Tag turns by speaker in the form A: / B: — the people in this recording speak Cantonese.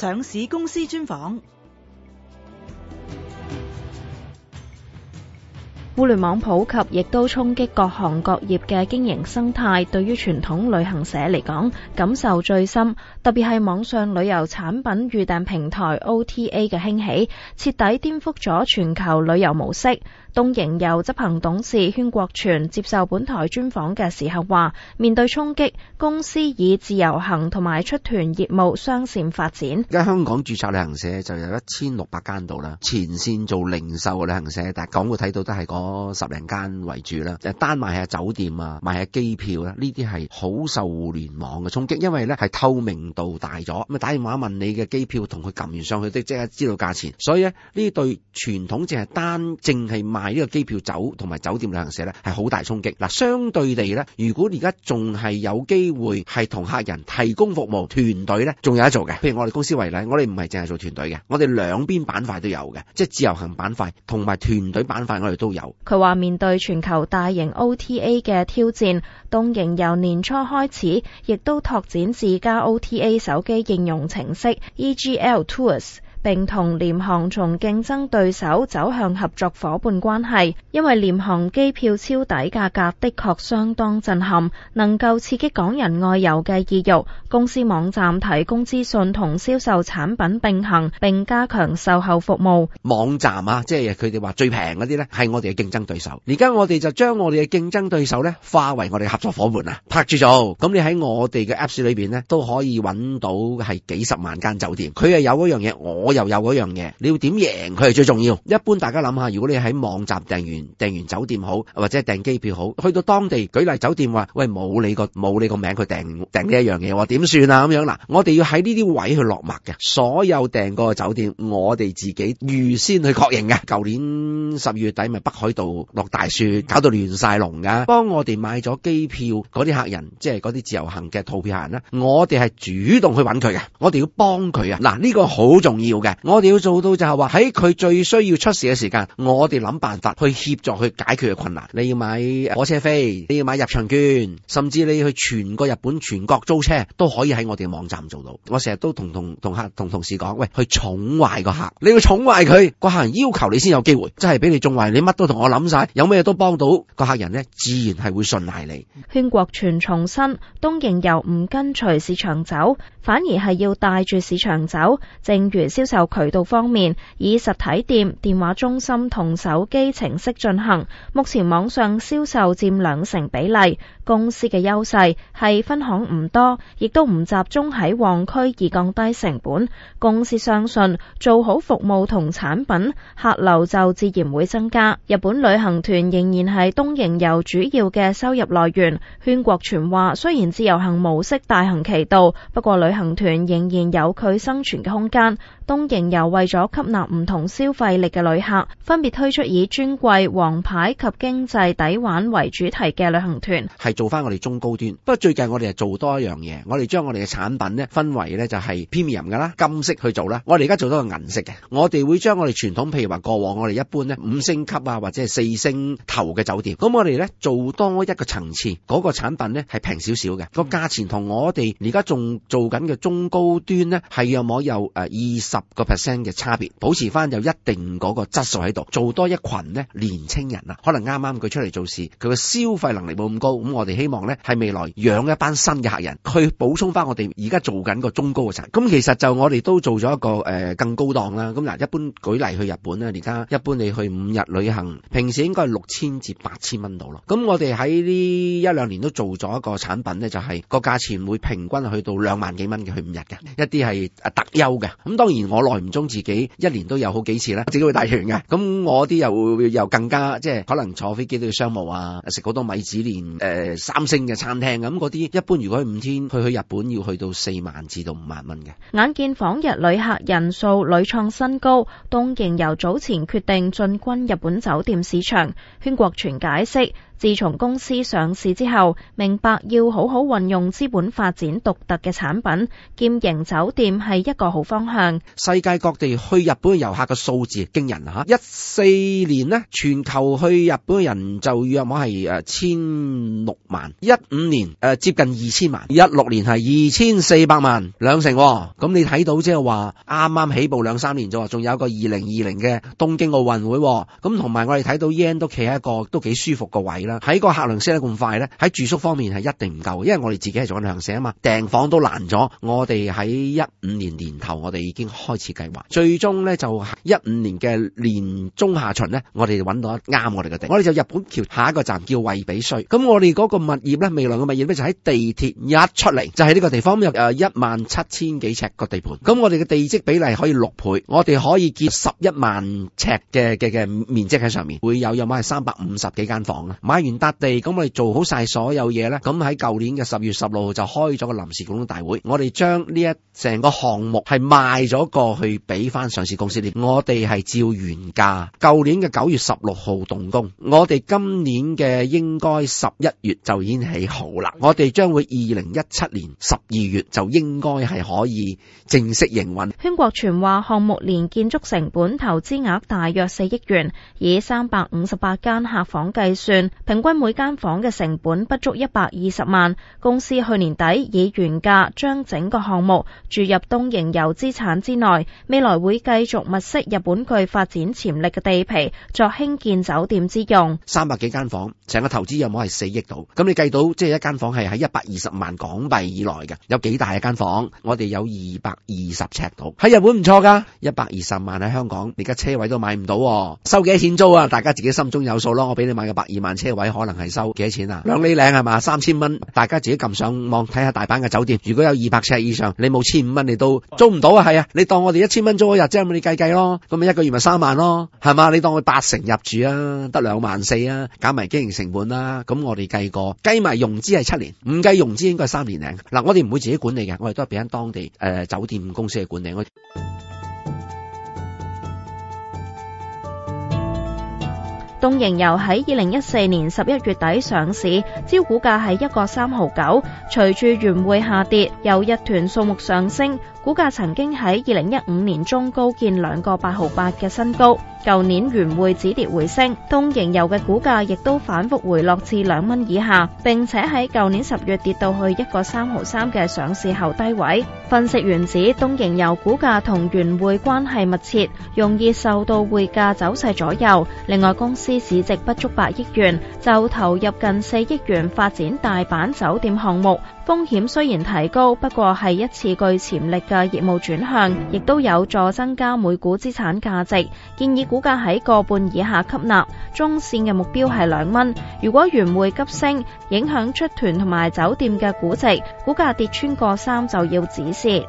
A: 上市公司專訪。互聯網普及，亦都衝擊各行各業嘅經營生態，對於傳統旅行社嚟講，感受最深。特別係網上旅遊產品預訂平台 OTA 嘅興起，徹底顛覆咗全球旅遊模式。東瀛遊執行董事禤國全接受本台專訪嘅時候話，面對衝擊，公司以自由行同
B: 埋出團業務雙線發展。而家香港註冊旅行社就有一千六百間度啦，前線做零售嘅旅行社，但係港會睇到都係嗰十零間為主啦，就單賣下酒店啊，賣下機票啦，呢啲係好受互聯網嘅衝擊，因為呢係透明度大咗，咁啊打電話問你嘅機票同佢撳完上去的，即刻知道價錢，所以咧呢對傳統淨係單淨係賣呢個機票走同埋酒店旅行社呢係好大衝擊嗱，相對地呢，如果而家仲係有機會係同客人提供服務團隊呢，仲有得做嘅，譬如，我哋公司為例，我哋唔係淨係做團隊嘅，我哋兩邊板塊都有嘅，即係自由行板塊同埋團隊板塊我哋都有。
A: 佢話面對全球大型 OTA 嘅挑戰，東瀛由年初開始亦都拓展自家 OTA 手機應用程式 EGL Tours。E 並同廉航從競爭對手走向合作夥伴關係，因為廉航機票超抵價格的確相當震撼，能夠刺激港人外遊嘅意慾。公司網站提供資訊同銷售產品並行，並加強售後服務。
B: 網站啊，即係佢哋話最平嗰啲呢係我哋嘅競爭對手。而家我哋就將我哋嘅競爭對手呢化為我哋合作夥伴啊！拍住做，咁你喺我哋嘅 apps 裏邊呢，都可以揾到係幾十萬間酒店，佢係有嗰樣嘢，我。就有嗰樣嘢，你要點贏佢係最重要。一般大家諗下，如果你喺網站訂完訂完酒店好，或者訂機票好，去到當地舉例酒店話，喂冇你個冇你個名，佢訂訂呢一樣嘢，點算啊？咁樣嗱，我哋要喺呢啲位去落墨嘅，所有訂過酒店，我哋自己預先去確認嘅。舊年十二月底咪北海道落大雪，搞到亂晒龍噶，幫我哋買咗機票嗰啲客人，即係嗰啲自由行嘅套票客人啦，我哋係主動去揾佢嘅，我哋要幫佢啊！嗱，呢個好重要。嘅，我哋要做到就係話喺佢最需要出事嘅時間，我哋諗辦法去協助去解決嘅困難。你要買火車飛，你要買入場券，甚至你去全個日本全國租車都可以喺我哋嘅網站做到。我成日都同同同客同同事講，喂，去寵壞個客，你要寵壞佢，個客人要求你先有機會，真係俾你寵壞你，你乜都同我諗晒，有咩都幫到個客人咧，自然係會信賴你。
A: 禤國全重申，東瀛遊唔跟隨市場走，反而係要帶住市場走，正如消。銷售渠道方面，以實體店、電話中心同手機程式進行。目前網上銷售佔兩成比例。公司嘅優勢係分行唔多，亦都唔集中喺旺區而降低成本。公司相信做好服務同產品，客流就自然會增加。日本旅行團仍然係東瀛遊主要嘅收入來源。禤國全話，雖然自由行模式大行其道，不過旅行團仍然有佢生存嘅空間。東仍又為咗吸納唔同消費力嘅旅客，分別推出以尊貴、黃牌及經濟抵玩為主
B: 題嘅旅行團，係做翻我哋中高端。不過最近我哋係做多一樣嘢，我哋將我哋嘅產品咧分為咧就係 premium 嘅啦，金色去做啦。我哋而家做多個銀色嘅，我哋會將我哋傳統，譬如話過往我哋一般咧五星級啊或者係四星頭嘅酒店，咁我哋咧做多一個層次，嗰個產品咧係平少少嘅，個價錢同我哋而家仲做緊嘅中高端咧係有冇有誒二十，個 percent 嘅差別，保持翻有一定嗰個質素喺度，做多一群呢年青人啊，可能啱啱佢出嚟做事，佢個消費能力冇咁高，咁我哋希望呢係未來養一班新嘅客人去補充翻我哋而家做緊個中高嘅產品。咁其實就我哋都做咗一個誒、呃、更高檔啦。咁嗱，一般舉例去日本咧，而家一般你去五日旅行，平時應該係六千至八千蚊度咯。咁我哋喺呢一兩年都做咗一個產品呢，就係、是、個價錢會平均去到兩萬幾蚊嘅去五日嘅，一啲係特優嘅。咁當然我。我耐唔中自己一年都有好幾次啦，自己會帶團嘅。咁我啲又又更加即係可能坐飛機都要商務啊，食好多米芝蓮誒、呃、三星嘅餐廳。咁嗰啲一般如果五天去去日本要去到四萬至到五萬蚊嘅。
A: 眼見訪日旅客人數屢創新高，東瀛遊早前決定進軍日本酒店市場，禤國全解釋。自從公司上市之後，明白要好好運用資本發展獨特嘅產品，
B: 兼營酒
A: 店係一個好方向。
B: 世界各地去日本遊客嘅數字驚人吓，一四年呢全球去日本嘅人就約莫係誒千六萬；一五年誒、呃、接近二千萬；一六年係二千四百萬，兩成、喎。咁你睇到即係話啱啱起步兩三年啫，仲有一個二零二零嘅東京奧運會、喎，咁同埋我哋睇到 yen 都企喺一個都幾舒服嘅位。喺個客量升得咁快咧，喺住宿方面係一定唔夠，因為我哋自己係做旅行社啊嘛，訂房都難咗。我哋喺一五年年頭，我哋已經開始計劃，最終咧就一五年嘅年中下旬咧，我哋就揾到啱我哋嘅地，我哋就日本橋下一個站叫惠比須。咁我哋嗰個物業咧，未來嘅物業咧就喺地鐵一出嚟就喺呢個地方，有誒一萬七千幾尺個地盤。咁我哋嘅地積比例可以六倍，我哋可以建十一萬尺嘅嘅嘅面積喺上面，會有有埋三百五十幾間房啦，完搭地咁，我哋做好晒所有嘢咧。咁喺舊年嘅十月十六號就開咗個臨時股東大會，我哋將呢一成個項目係賣咗過去俾翻上市公司。我哋係照原價，舊年嘅九月十六號動工，我哋今年嘅應該十一月就已經起好啦。我哋將會二零一七年十二月就應該係可以正式營運。
A: 禤國全話，項目連建築成本投資額大約四億元，以三百五十八間客房計算。平均每間房嘅成本不足一百二十萬，公司去年底以原價將整個項目注入東瀛遊資產之內，未來會繼續物色日本具發
B: 展潛力嘅地
A: 皮作興建酒店之用。三百幾間房，成個
B: 投資入面係四億度，咁你計到即係一間房係喺一百二十萬港幣以內嘅，有幾大一間房？我哋有二百二十尺度，喺日本唔錯噶，一百二十萬喺香港，而家車位都買唔到，收幾多錢租啊？大家自己心中有數咯，我俾你買個百二萬車。位可能係收幾多錢啊？兩厘零係嘛，三千蚊，大家自己撳上網睇下大阪嘅酒店。如果有二百尺以上，你冇千五蚊你都租唔到啊。係啊，你當我哋一千蚊租一日啫，咁你計計咯，咁咪一個月咪三萬咯，係嘛？你當佢八成入住啊，得兩萬四啊，減埋經營成本啦、啊。咁我哋計過計埋融資係七年，唔計融資應該係三年零嗱、啊。我哋唔會自己管理嘅，我哋都係俾緊當地誒、呃、酒店公司嘅管理。
A: 東瀛遊喺二零一四年十一月底上市，招股價係一個三毫九，隨住圓匯下跌，有日團數目上升。股價曾經喺二零一五年中高見兩個八毫八嘅新高，舊年元匯止跌回升，東瀛遊嘅股價亦都反覆回落至兩蚊以下，並且喺舊年十月跌到去一個三毫三嘅上市後低位。分析員指東瀛遊股價同元匯關係密切，容易受到匯價走勢左右。另外，公司市值不足百億元，就投入近四億元發展大阪酒店項目。風險雖然提高，不過係一次具潛力嘅業務轉向，亦都有助增加每股資產價值。建議股價喺個半以下吸納，中線嘅目標係兩蚊。如果元匯急升，影響出團同埋酒店嘅估值，股價跌穿個三就要止蝕。